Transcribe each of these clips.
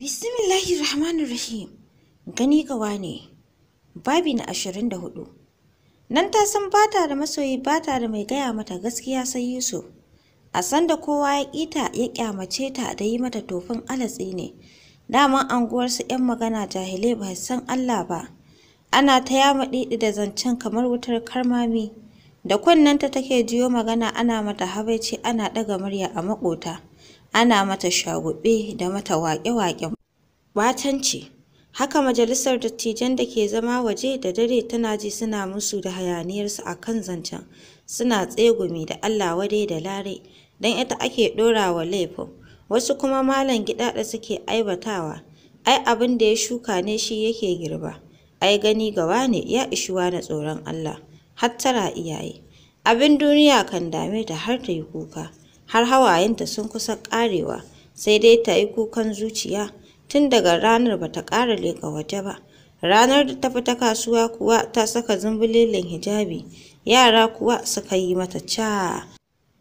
Bismillahir Rahmanir Rahim. Gani gawa ne. Babi na ashirin hudu. Nan ta san bata da masoyi bata da mai gaya mata gaskiya sai Yusuf. A san da kowa ya ƙita ya kyamace ta da yi mata tofin alatsi ne. Daman anguwarsu 'yan magana jahilai ba san Allah ba. Ana ta yama didi da zancen kamar wutar karmami. Da kunnenta take jiyo magana ana mata habaici ana daga murya a makota ana mata shaguɓe da mata waƙe waƙe batanci. Haka majalisar dattijan da ke zama waje da dare tana ji suna musu da hayaniyarsu a kan zancen, suna tsegumi da Allah wade da lare, don ita ake ɗora wa laifin. Wasu kuma malam da suke aibatawa, ai abin da ya shuka ne shi yake girba, ai gani gawa ne ya ishuwa na tsoron Allah, hattara iyaye. Abin duniya kan dame ta har ta yi kuka. har hawayenta sun kusa ƙarewa sai dai ta yi kukan zuciya tun daga ranar ba ta ƙara leƙa waje ba ranar da ta fi ta kasuwa kuwa ta saka zumbulelin hijabi yara kuwa suka yi mata ca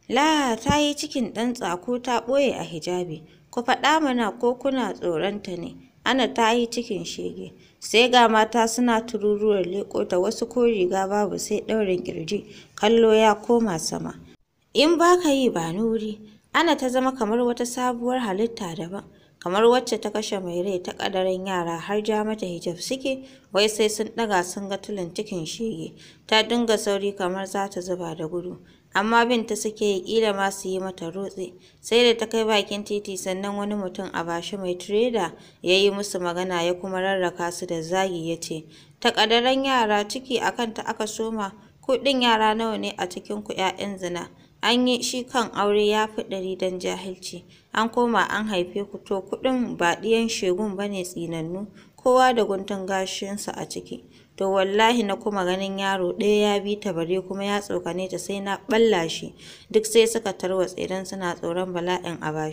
la ta yi cikin ɗan tsako ta ɓoye a hijabi ku faɗa mana ko kuna tsoronta ne ana ta yi cikin shege sai ga mata suna tururuwar leƙo ta wasu ko riga babu sai ɗaurin ƙirji kallo ya koma sama In ba ka yi ba Nuri. Ana ta zama kamar wata sabuwar halitta daban, kamar wacce ta kashe mai rai ta ƙadarin yara har ja mata hijab suke, wai sai sun ɗaga sun ga tulin cikin shege, ta dinga sauri kamar za ta zuba da gudu. amma bin ta suke yi ƙila ma su yi mata rotse sai da ta kai bakin titi sannan wani mutum a bashi mai tireda ya yi musu magana ya kuma rarraka su da zagi ya ce takadaran yara ciki akan ta aka soma kuɗin yara nawa ne a cikin ku ƴaƴan zina An yi shi kan aure ya fi ɗari don jahilci. An koma an haife ku to kuɗin ba ɗiyan shegun ba ne tsinannu, kowa da guntun gashinsa a ciki. To wallahi na kuma ganin yaro ɗaya ya bi ta bare kuma ya tsokane ta sai na ɓalla shi. Duk sai suka tarwatse idan suna tsoron bala'in a ba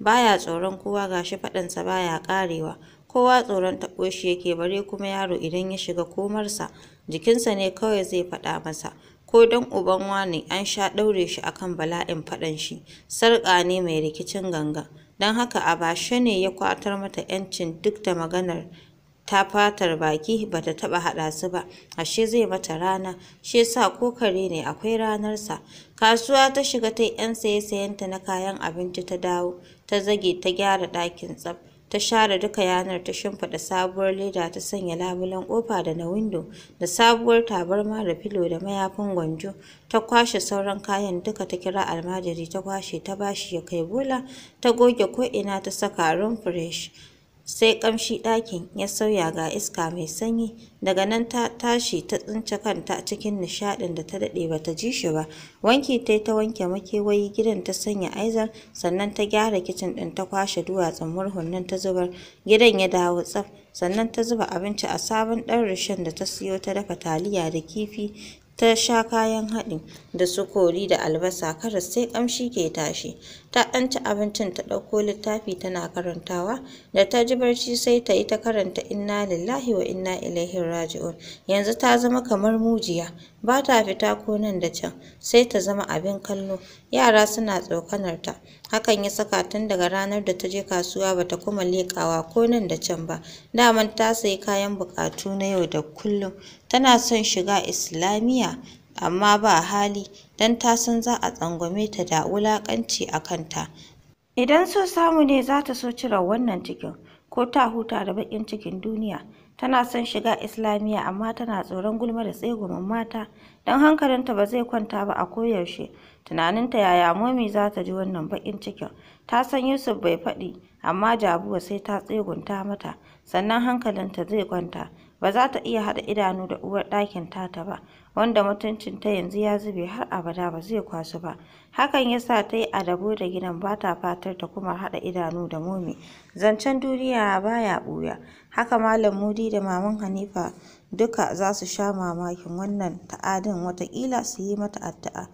Baya tsoron kowa ga shi faɗansa baya ƙarewa. Kowa tsoron taɓo shi yake bare kuma yaro idan ya shiga komarsa, jikinsa ne kawai zai faɗa masa. ko dan uban wane an sha ɗaure shi akan bala'in faɗan shi, sarƙa ne mai rikicin ganga, don haka a Abashe ne ya kwatar mata 'yancin duk da maganar ta fatar baki ba ta taɓa haɗa su ba, ashe zai mata rana, shi sa ko kare ne akwai ranarsa. Kasuwa ta shiga ta yi 'yan saye-sayenta na kayan abinci ta dawo, ta zage ta gyara ɗakin tsaf. ta share duka yanar ta shimfiɗa sabuwar leda ta sanya labulen kofa da na windo da sabuwar tabarma da filo da mayafin gwanjo ta kwashe sauran kayan duka ta kira almajiri ta kwashe ta bashi ya kai bola ta goge ko'ina ta saka rum fresh sai kamshi ɗakin ya sauya ga iska mai sanyi daga nan ta tashi ta tsince kanta cikin nishadin da ta daɗe ba ta ji shi ba wanki ta ta wanke makewayi gidan ta sanya aizar sannan ta gyara kicin ɗin ta kwashe duwatsun murhun nan ta zubar gidan ya dawo tsaf sannan ta zuba abinci a sabon ɗan rishon da ta siyo ta dafa taliya da kifi ta sha kayan haɗi da sukori da albasa karas sai ƙamshi ke tashi ta ɗan ci abincin ta ɗauko littafi tana karantawa da ta ji barci sai ta yi ta karanta inna lillahi wa inna ilaihi raji'un yanzu ta zama kamar mujiya ba ta fita ko nan da can sai ta zama abin kallo yara suna tsokanar ta hakan ya saka tun daga ranar da ta je kasuwa ba ta kuma leƙawa ko nan da can ba daman ta sayi kayan buƙatu na yau da kullum tana son shiga islamiyya amma ba hali Dan ta san za a tsangwame ta da wulaƙanci a kanta idan so samu ne za ta so cire wannan cikin ko ta huta da baƙin cikin duniya tana son shiga islamiyya amma tana tsoron gulma da tsegumin mata don hankalinta ba zai kwanta ba a koyaushe tunaninta yaya momi za ta ji wannan baƙin cikin ta san yusuf bai faɗi amma jabuwa sai ta tsegunta mata sannan hankalinta zai kwanta ba za ta iya haɗa idanu da uwar ɗakin tata ba wanda mutuncinta yanzu ya zube har abada ba zai kwasu ba hakan ya sa ta yi adabo da gidan ba ta fatar ta kuma haɗa idanu da momi zancen duniya ya buya haka malam mudi da maman hanifa duka za su sha mamakin wannan ta'adin watakila su yi mata addu'a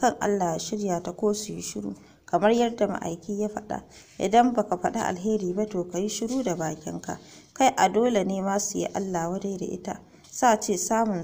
kan allah ya shirya ta ko su yi shiru kamar yadda ma'aiki ya faɗa idan baka faɗi alheri ba to ka yi shiru da bakinka kai a dole ne ma su yi allah wadai da ita sa ce samun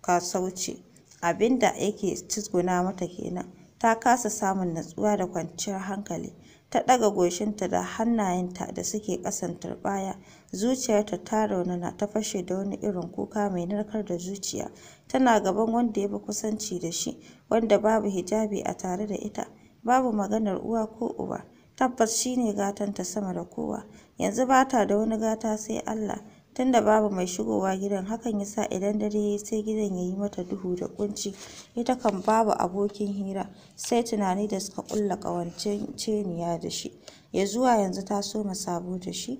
kasauci abinda yake cizguna mata kenan ta kasa samun natsuwa da kwanciyar hankali ta ɗaga goshinta da hannayenta da suke ƙasan baya zuciyarta ta raunana ta fashe da wani irin kuka mai narkar da zuciya tana gaban wanda ya fi kusanci da shi wanda babu hijabi a tare da ita babu maganar uwa ko uba tabbas shine gatanta sama da kowa yanzu ba ta da wani gata sai Allah tun da babu mai shigowa gidan hakan yasa idan dare yayi sai gidan yayi mata duhu da kunci ita kan babu abokin hira sai tunani da suka kulla ceniya da shi ya zuwa yanzu ta soma sabo da shi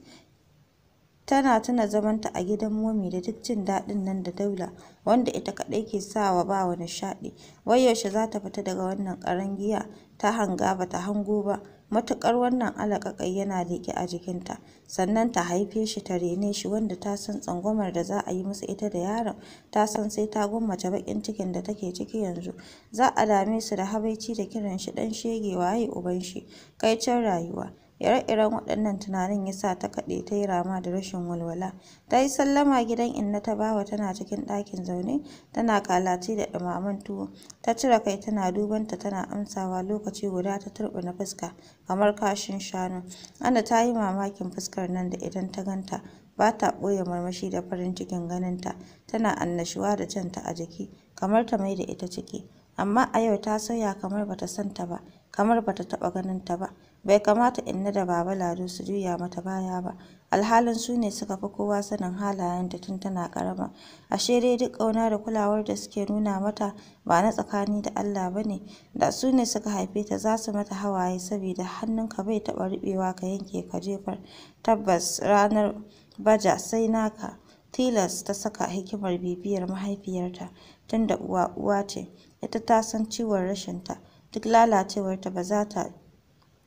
tana tuna zamanta a gidan momi da duk jin daɗin nan da daula wanda ita kaɗai ke sawa ba wani nishaɗi wai yaushe za ta fita daga wannan ƙarangiya ta hanga ba ta hango ba matuƙar wannan alaƙaƙai yana riƙe a jikinta sannan ta haife shi ta rene shi wanda ta san tsangwamar da za a yi musu ita da yaron ta san sai ta gwammace baƙin cikin da take ciki yanzu za a dame su da habaici da kiran shi ɗan shege waye uban shi kaicin rayuwa Ire-iren waɗannan tunanin ya sa ta kaɗe ta yi rama da rashin walwala. Ta yi sallama gidan inna ta bawa tana cikin ɗakin zaune, tana kalaci da ɗumamen tuwo. Ta cire kai tana dubanta tana amsawa lokaci guda ta na fuska kamar kashin shanu. Anna ta yi mamakin fuskar nan da idan ta ganta ba ta ɓoye marmashi da farin cikin ganinta, tana annashuwa da canta a jiki kamar ta mai da ita ciki. Amma a yau ta sauya kamar bata ta san ta ba, kamar bata taɓa ganin ta ba. bai kamata inna da baba lado su juya mata baya ba alhalin su ne suka fi kowa sanin halayen da tun tana karama ashe dai duk kauna da kulawar da suke nuna mata ba na tsakani da Allah ba ne da su ne suka haife ta za su mata hawaye saboda hannunka bai taɓa ruɓewa ka yanke ka jefar tabbas ranar baja sai naka tilas ta saka hikimar bibiyar mahaifiyarta tunda uwa uwa ce ita ta san ciwon rashinta duk lalacewarta ba za ta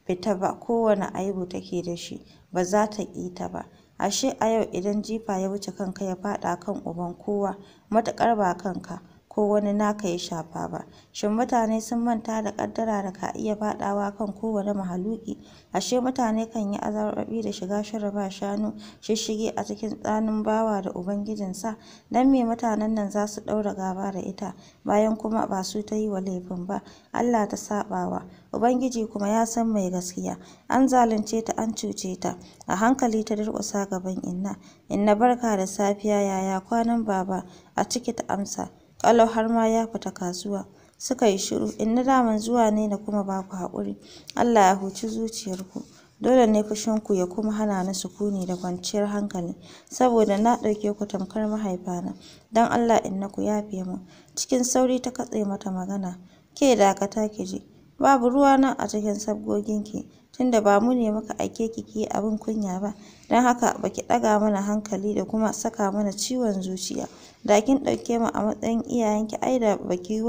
fita ba kowane aibu take da shi ba za ta ƙi ta ba ashe a yau idan jifa ya wuce kanka ya faɗa kan uban kowa matuƙar ba kanka ko wani naka ya shafa ba shin mutane sun manta da kaddara da ka iya fadawa kan kowane mahaluki ashe mutane kan yi azarbabi da shiga shirin ba shanu shishige a cikin tsanin bawa da ubangijinsa dan me mutanen nan za su daura gaba da ita bayan kuma ba su ta yi wa laifin ba Allah ta sabawa ubangiji kuma ya san mai gaskiya an zalunce ta an cuce ta a hankali ta durƙusa gaban inna inna barka da safiya yaya kwanan baba a ciki ta amsa ƙalau har ma ya fita kasuwa suka yi shiru in na daman zuwa ne na kuma ba ku haƙuri Allah ya huci zuciyarku dole ne fushinku ya kuma hana ni sukuni da kwanciyar hankali saboda na ɗauke ku tamkar mahaifana don Allah in na ku yafe mu cikin sauri ta katse mata magana ke dakata ki ji babu ruwa nan a cikin sabgoginki tunda ba mu ne muka aike ki ki abin kunya ba, don haka ba ki ɗaga mana hankali da kuma saka mana ciwon zuciya. Da kin ɗauke mu a matsayin iyayenki ai da ba ki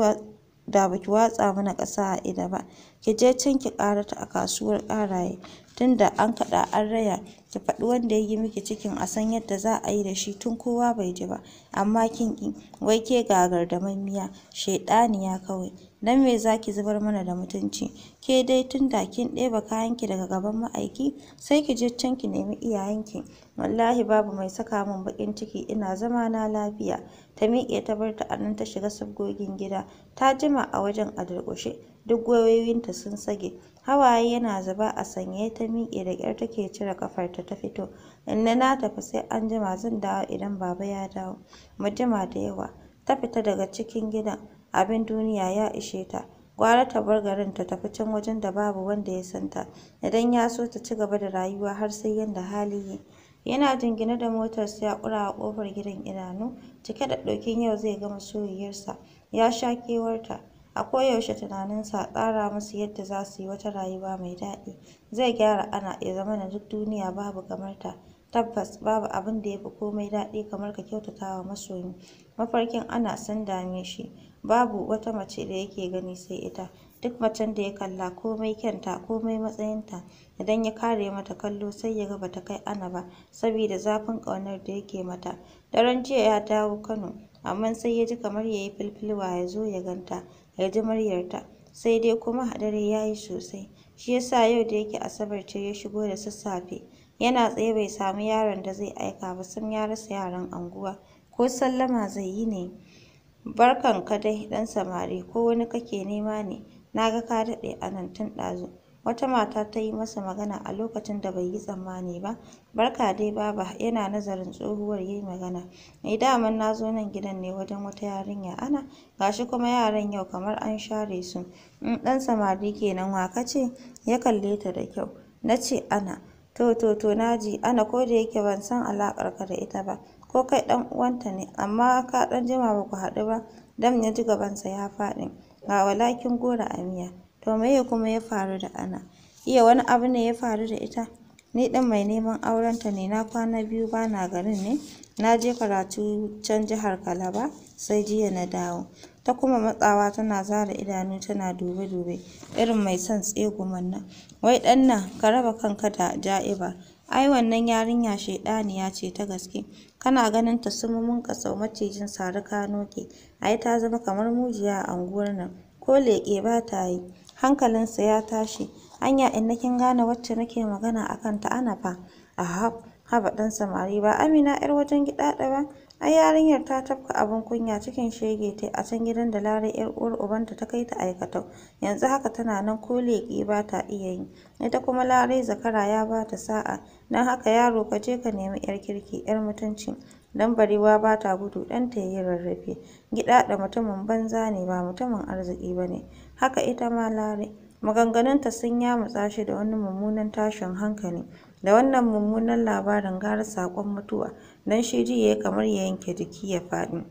da watsa mana ƙasa a ida ba. Ki je can ki ƙara ta a kasuwar ƙaraye, tunda an kaɗa an raya, ki faɗi wanda ya yi miki cikin a san yadda za a yi da shi tun kowa bai ji ba, amma kin ki wai ke da gardamammiya, shaiɗaniya kawai. Nan me za ki zubar mana da mutunci ke dai tun da kin ɗeba kayanki daga gaban ma'aiki sai ki je can ki nemi iyayenki wallahi babu mai saka min bakin ciki ina zama na lafiya ta miƙe ta bar ta a nan ta shiga sabgogin gida ta jima a wajen a durƙushe duk gwiwoyinta sun sage. hawaye yana zuba a sanye ta miƙe da ƙyar take cire ƙafarta ta fito inna na tafi sai an jima zan dawo idan baba ya dawo mu jima da yawa ta fita daga cikin gidan abin duniya ya ishe ta gwara ta bar garin ta tafi can wajen da babu wanda ya san ta idan ya so ta ci gaba da rayuwa har sai yanda hali yana jingine da motar sa ya kura kofar gidan idanu cike da ɗokin yau zai gama soyayyarsa. ya sha kewarta a koyaushe tunaninsa tsara musu yadda za su yi wata rayuwa mai daɗi zai gyara ana ya na duk duniya babu kamar ta Tabbas babu abin da ya fi komai daɗi kamar ka kyautata wa masoyi. Mafarkin ana son dame shi, babu wata mace da yake gani sai ita, duk macen da ya kalla komai kyanta komai matsayinta, idan ya kare mata kallo sai ya ga bata kai Ana ba saboda zafin ƙaunar da yake mata. Daren jiya ya dawo Kano, amma sai ya ji kamar ya yi filfilwa ya zo ya ganta, ya ji muryarta, sai dai kuma dare ya yi sosai, shi ya yau da yake Asabar ce ya shigo da sassafe Yana tsaye bai sami yaron da zai aika ba sun ya rasa yaran unguwa, ko sallama zai yi ne? Barkan ka dai ɗan samari ko wani kake nema ne? Na ga ka daɗe a nan tun ɗazu. Wata mata ta yi masa magana a lokacin da bai yi tsammani ba. Barka dai Baba, yana nazarin tsohuwar yayi magana. Ni daman na zo nan gidan ne wajen wata yarinya Ana, ga shi kuma yaran yau kamar an share su. in mm, ɗan samari kenan wa ka ce? Ya kalle ta da kyau. Na ce Ana. To to to na Ana ko da yake ban san alaƙarka da ita ba, ko kai ɗan uwanta ne, amma ka ɗan jima ba ku haɗu ba, dam ya ji gabansa ya faɗi, ga walakin goro a miya. To meye kuma ya faru da Ana? Iya wani abu ne ya faru da ita? Ni ɗin mai neman aurenta ne, na kwana biyu ba na garin ne, na je karatu can jihar Kalaba, sai jiya na dawo. ta kuma matsawa tana zara idanu tana dube-dube irin mai son tsegumin nan wai ɗan nan ka raba kanka da ja'iba ai wannan yarinya shaidaniya ce ta gaske kana ganin ta mun kasau macijin sari kano ke ai ta zama kamar mujiya a anguwar nan ko leƙe ba ta yi hankalinsa ya tashi anya in na kin gane wacce nake magana akan ta ana fa ahab haba ɗan samari ba amina yar wajen gida ba Ai yarinyar ta tafka abun kunya cikin shege ta a can gidan da Larai 'yar uwar ubanta ta kai ta aikatau, yanzu haka tana nan ko leƙi ba ta iya yi, ita kuma Larai zakara ya ba ta sa'a, don haka yaro ka je ka nemi 'yar kirki 'yar mutunci, don barewa ba ta gudu ɗanta ya yi rarrafe, da mutumin banza ne ba mutumin arziki ba ne, haka ita ma Larai. Maganganunta sun yamutsa shi da wani mummunan tashin hankali, da wannan mummunan labarin gara sakon mutuwa. don shi ji yayi kamar ya yanke jiki ya faɗi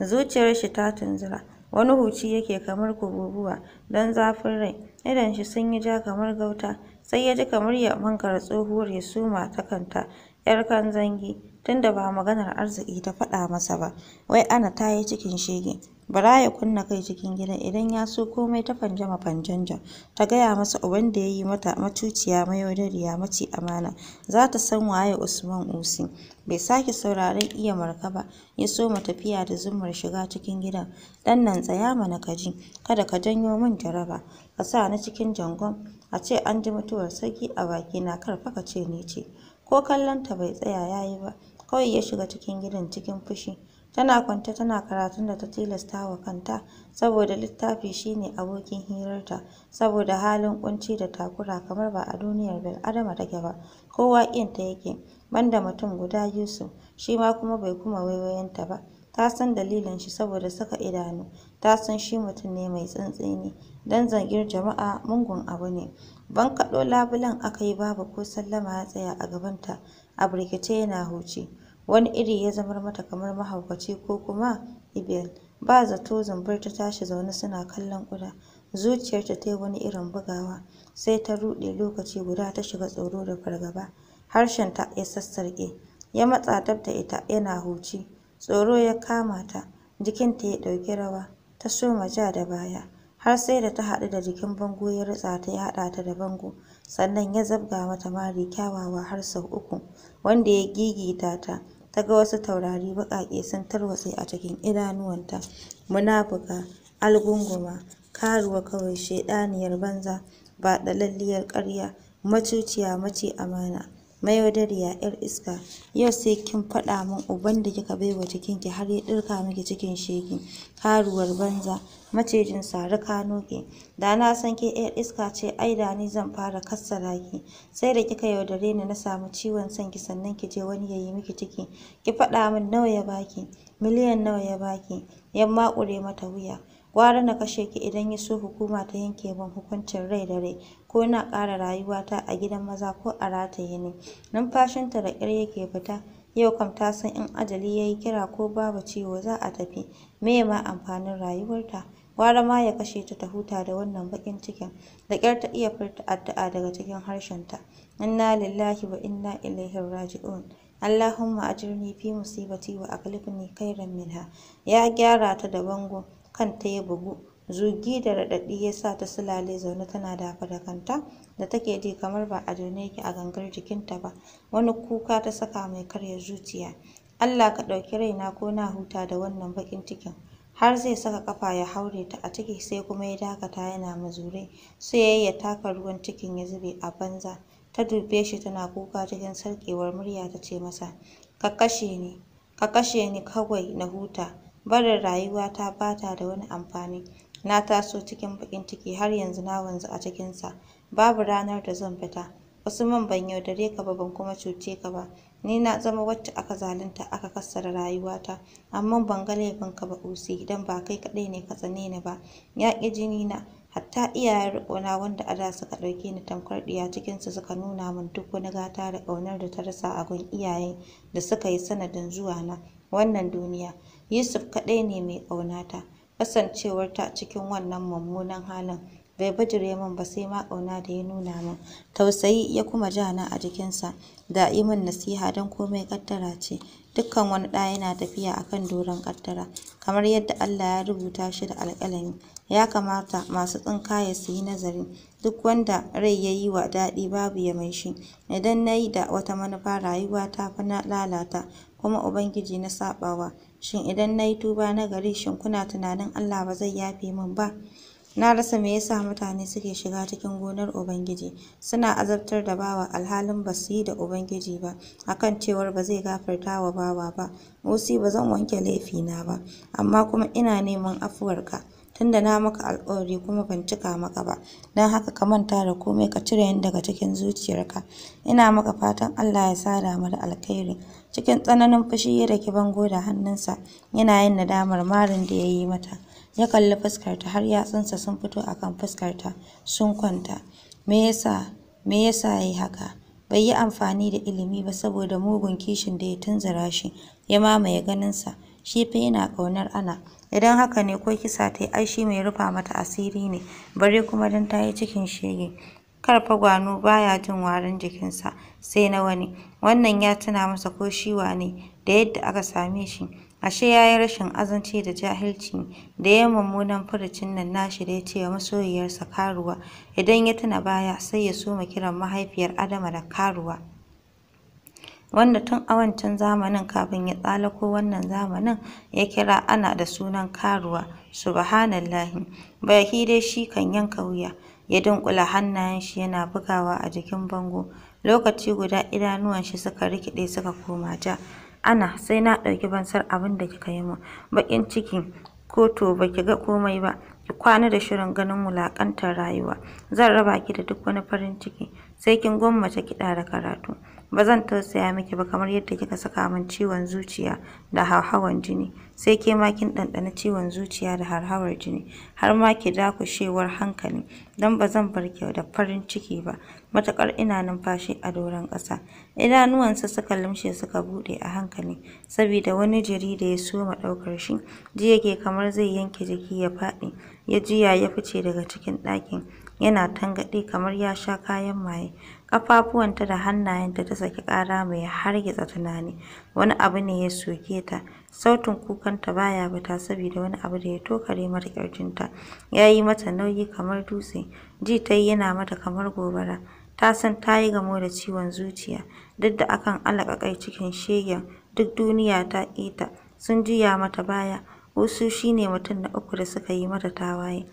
zuciyar shi ta tunzura wani huci yake kamar kububuwa don zafin rai idon shi sun yi ja kamar gauta sai ya ji kamar ya mankara tsohuwar ya suma ta kanta yar kan zangi tunda ba maganar arziki ta faɗa masa ba wai ana ta yi cikin shege bara ya kunna kai cikin gidan idan ya so komai ta fanjama jan ta gaya masa uban da ya yi mata matuciya mayaudariya mace amana za ta san waye usman usi bai sake sauraron iya marka ba ya mu tafiya da zumar shiga cikin gidan dan nan tsaya mana kaji kada ka janyo min jaraba ka sa na cikin jangon a ce an ji mutuwar sarki a baki na karfa ka ce ni ce ko kallon bai tsaya yayi ba kawai ya shiga cikin gidan cikin fushi Tana kwance tana karatun da ta tilasta wa kanta, saboda littafi shine ne abokin hirarta, saboda halin ƙunci da takura kamar ba a duniyar bil'adama take ba, kowa ta yake, banda mutum guda Yusuf, shi ma kuma bai kuma waiwayonta ba. Ta san dalilin shi saboda saka idanu, ta san shi mutum ne mai tsantseni, dan zargin jama'a mungun abu ne. Ban kaɗo labulen aka yi babu ko sallama ya tsaya a gabanta, a birkice yana huce wani iri ya zama mata kamar mahaukaci ko kuma Ibel. Ba zato zambar ta tashi zaune suna kallon ƙuda. Zuciyarta ta yi wani irin bugawa, sai ta ruɗe lokaci guda ta shiga tsoro da fargaba. Harshen ta ya sassarƙe, ya matsa dab da ita yana huci. Tsoro ya kama ta, jikinta ya ɗauki rawa, ta soma ja da baya. Har sai da ta haɗu da jikin bango ya rutsa ta ya haɗa ta da bango, sannan ya zabga mata mari kyawawa har sau uku, wanda ya gigita ta. ta ga wasu taurari baƙaƙe sun tarwatse a cikin idanuwanta munafuka algunguma karuwa kawai ɗaniyar banza ba lalliyar ƙarya macuciya mace amana mayaudariya yar iska yau sai kin faɗa min uban da kika baiwa cikin ki har ya ɗirka miki cikin sheki karuwar banza macijin sari kano ke da na san ke yar iska ce ai da ni zan fara kassara ki sai da kika yaudare ni na samu ciwon san ki sannan ki je wani yayi miki ciki ki faɗa min nawa ya baki miliyan nawa ya baki yamma ƙure mata wuya Gwara na kashe ki idan ya so hukuma ta yanke min hukuncin rai da rai ko na ƙara rayuwata a gidan maza ko a rataye ni. Numfashinta da ƙyar yake fita. Yau kam ta san in ajali ya yi kira ko babu ciwo za a tafi. Meye ma amfanin rayuwarta? Gwara ma ya kashe ta ta huta da wannan baƙin cikin. Da ƙyar ta iya furta addu'a daga cikin harshenta. Inna lillahi wa inna ilaihi raji'un. Allahumma ajirni fi musibati wa akhlifni khairan minha. Ya gyara ta da bango. kanta ya bugu zugi da raɗaɗi ya sa ta sulale zaune tana dafa da kanta da take ji kamar ba a zaune yake a gangar jikinta ba wani kuka ta saka mai karya zuciya Allah ka ɗauki raina ko na huta da wannan baƙin cikin har zai saka kafa ya haure ta a ciki sai kuma ya dakata yana mazurai sai ya taka ruwan cikin ya zube a banza ta dube shi tana kuka cikin sarkewar murya ta ce masa ka kashe ni ka kashe ni kawai na huta barin rayuwata ba ta da wani amfani. Na taso cikin baƙin ciki har yanzu na wanzu a cikinsa. Babu ranar da zan fita. wasu man ban yaudare ka ba ban kuma cuce ka ba. Ni na zama wacce aka zalunta aka kassara rayuwata, amma ban ga laifin ka ba Usi idan ba kai kaɗai ne ka tsane ni ba. Ya ƙi jini na, hatta iyayen riƙona wanda a da suka ɗauke ni tamkar ɗiya cikinsu suka nuna min duk wani gata da ƙaunar da ta rasa a gun iyayen da suka yi sanadin zuwa na wannan duniya. Yusuf kaɗai ne mai ƙaunata. Kasancewarta cikin wannan mummunan halin bai bajire min ba sai ma ƙauna da ya nuna min. Tausayi ya kuma ja na a jikinsa da yi min nasiha don komai ƙaddara ce. Dukkan wani ɗa yana tafiya a kan doron ƙaddara, kamar yadda Allah ya rubuta shi da alƙalami. Ya kamata masu tsinkaye su yi nazari, duk wanda rai ya yi wa daɗi babu ya mai shi. Idan na yi da wata manufa rayuwa ta fa na lalata kuma Ubangiji na saɓawa, shin idan na yi tuba na gari shin kuna tunanin Allah ba zai yafe min ba? Na rasa me yasa mutane suke shiga cikin gonar Ubangiji, suna azabtar da bawa alhalin ba su yi da Ubangiji ba, akan cewar ba zai gafarta wa bawa ba, Musi ba zan wanke laifina ba, amma kuma ina neman afuwarka. tunda na maka alƙawari kuma ban cika maka ba don haka ka manta da komai ka cire ni daga cikin zuciyarka ina maka fatan Allah ya sada mu da alkhairi cikin tsananin fushi ya daki bango da hannunsa yana yin nadamar marin da ya yi mata ya kalli fuskarta har yatsunsa sun fito akan fuskarta sun kwanta me yasa me yasa yi haka bai yi amfani da ilimi ba saboda mugun kishin da ya tunzura shi ya mamaye sa shi fa yana ƙaunar ana Idan haka ne ko kisa ta yi ai mai rufa mata asiri ne, bare kuma don ta yi cikin shege. Karfa gwano baya jin warin jikinsa sai na wani, wannan ya tuna masa ko shiwa ne da yadda aka same shi. Ashe ya yi rashin azanci da jahilci da ya mummunan furucin nan nashi da ya ce wa masoyiyarsa karuwa, idan ya tuna baya sai ya soma kiran mahaifiyar Adama da karuwa. wanda tun a wancan zamanin kafin ya tsalako wannan zamanin ya kira Ana da sunan karuwa, subhanallahi. Baki dai shi kan yanka wuya, ya dunkula, hannayen shi yana bugawa a jikin bango, lokaci guda idanuwan shi suka rikide suka koma ja. Ana sai na ɗauki bansar, abin da kika yi min, baƙin ciki ko to baki ga komai ba, ki kwana da shirin ganin wulaƙantar rayuwa, zan raba ki da duk wani farin ciki. sai kin gwammace kiɗa da karatu. Ba zan tausaya miki ba kamar yadda kika saka min ciwon zuciya da hauhawan jini, sai ke ma kin ɗanɗana ciwon zuciya da hauhawar jini, har ma ki dakushewar hankali, don ba zan bar ki da farin ciki ba, matuƙar ina numfashi a doron ƙasa. Idanuwansa suka limshe suka buɗe a hankali, saboda wani jiri da ya soma ɗaukar shi, ji yake kamar zai yanke jiki ya faɗi, ya jiya ya fice daga cikin ɗakin. yana tangaɗi kamar ya sha kayan maye. kafafuwanta da hannayenta ta saki ƙara mai hargitsa tunani. Wani abu ne ya soke ta. Sautin kukanta baya ya fita saboda wani abu da ya tokare mata ƙirjinta. Ya yi mata nauyi kamar dutse. Ji ta yi yana mata kamar gobara. Ta san ta yi gamo da ciwon zuciya. Duk da akan alaƙaƙai cikin shegen, duk duniya ta ƙi Sun juya mata baya. wasu shi ne mutum na uku da suka yi mata tawaye.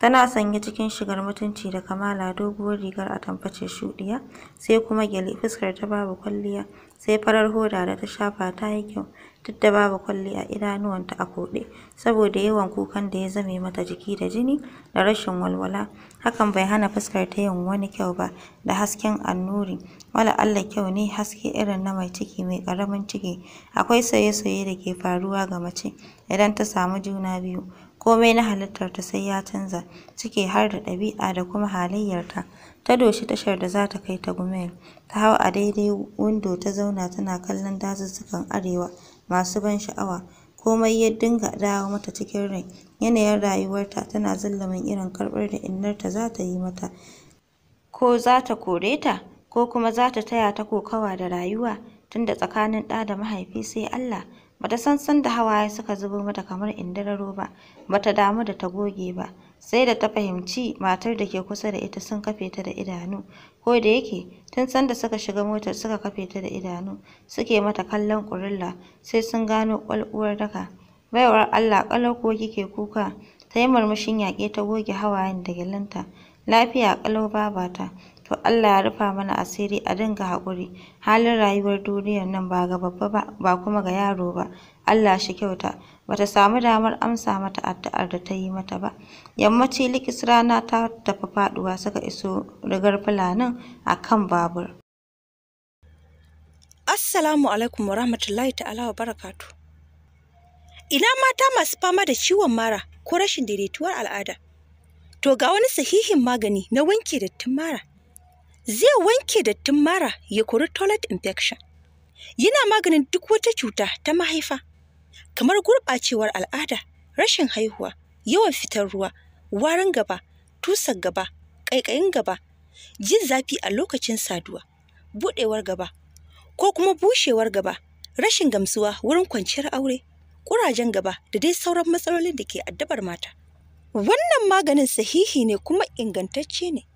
Tana sanye cikin shigar mutunci da kamala, doguwar rigar atamfa ce shuɗiya, sai kuma gyale, fuskar ta babu kwalliya, sai farar hoda da ta shafa ta yi kyau, duk da babu kwalliya a idanuwanta a koɗe, saboda yawan kukan da ya zame mata jiki da jini da rashin walwala. Hakan bai hana fuskar ta yin wani kyau ba, da hasken annuri, allah kyau ne haske irin na mai ciki mai karamin ciki. Akwai soye-soye da ke faruwa ga mace idan ta samu juna biyu. komai na halittarta sai ya canza, ciki har da ɗabi'a da kuma halayyarta. Ta doshi tashar da za ta kai ta Gumel, ta hau a daidai windo ta zauna tana kallon dazuzzukan arewa masu ban sha'awa, komai ya dinga dawo mata cikin rai, yanayin rayuwarta tana zullumin irin karɓar da innarta za ta yi mata, ko za ta kore ta, ko kuma za ta taya ta kokawa da rayuwa, tunda tsakanin ɗa da mahaifi sai Allah. bata san san da hawaye suka zubo mata kamar indararo ba bata damu da ta goge ba sai da ta fahimci matar da ke kusa da ita sun kafe ta da idanu ko da yake tun san da suka shiga motar suka kafe ta da idanu suke mata kallon kurilla sai sun gano kwalkuwar daka baiwar Allah kalar ko kike kuka ta yi murmushin yaƙe ta goge hawayen da gyalanta lafiya kalau babata to Allah ya rufa mana asiri a dinga haƙuri halin rayuwar duniyar nan ba ga babba ba ba kuma ga yaro ba Allah shi kyauta bata samu damar amsa mata addu'ar da ta yi mata ba yammaci likis rana ta tafi faduwa suka iso rigar fulanin a kan babur Assalamu alaikum wa rahmatullahi ta'ala wa barakatu ina mata masu fama da ciwon mara ko rashin daidaituwar al'ada to ga wani sahihin magani na wanke dattin mara zai wanke dattin mara ya kori toilet infection. Yana maganin duk wata cuta ta mahaifa, kamar gurɓacewar al'ada, rashin haihuwa, yawan fitar ruwa, warin gaba, tusar gaba, ƙaiƙayin gaba, jin zafi a lokacin saduwa, buɗewar gaba, ko kuma bushewar gaba, rashin gamsuwa wurin kwanciyar aure, ƙurajen gaba da dai sauran matsalolin da ke addabar mata. Wannan maganin sahihi ne kuma ingantacce ne.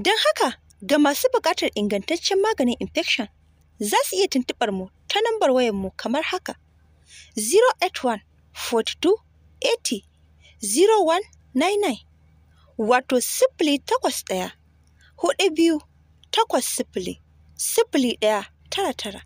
Don haka Ga masu buƙatar ingantaccen maganin infection, za su iya tuntuɓar mu ta nambar wayar mu kamar haka: 081 42 80 0199 wato sifili takwas ɗaya, huɗu biyu, takwas sifili, sifili ɗaya tara tara.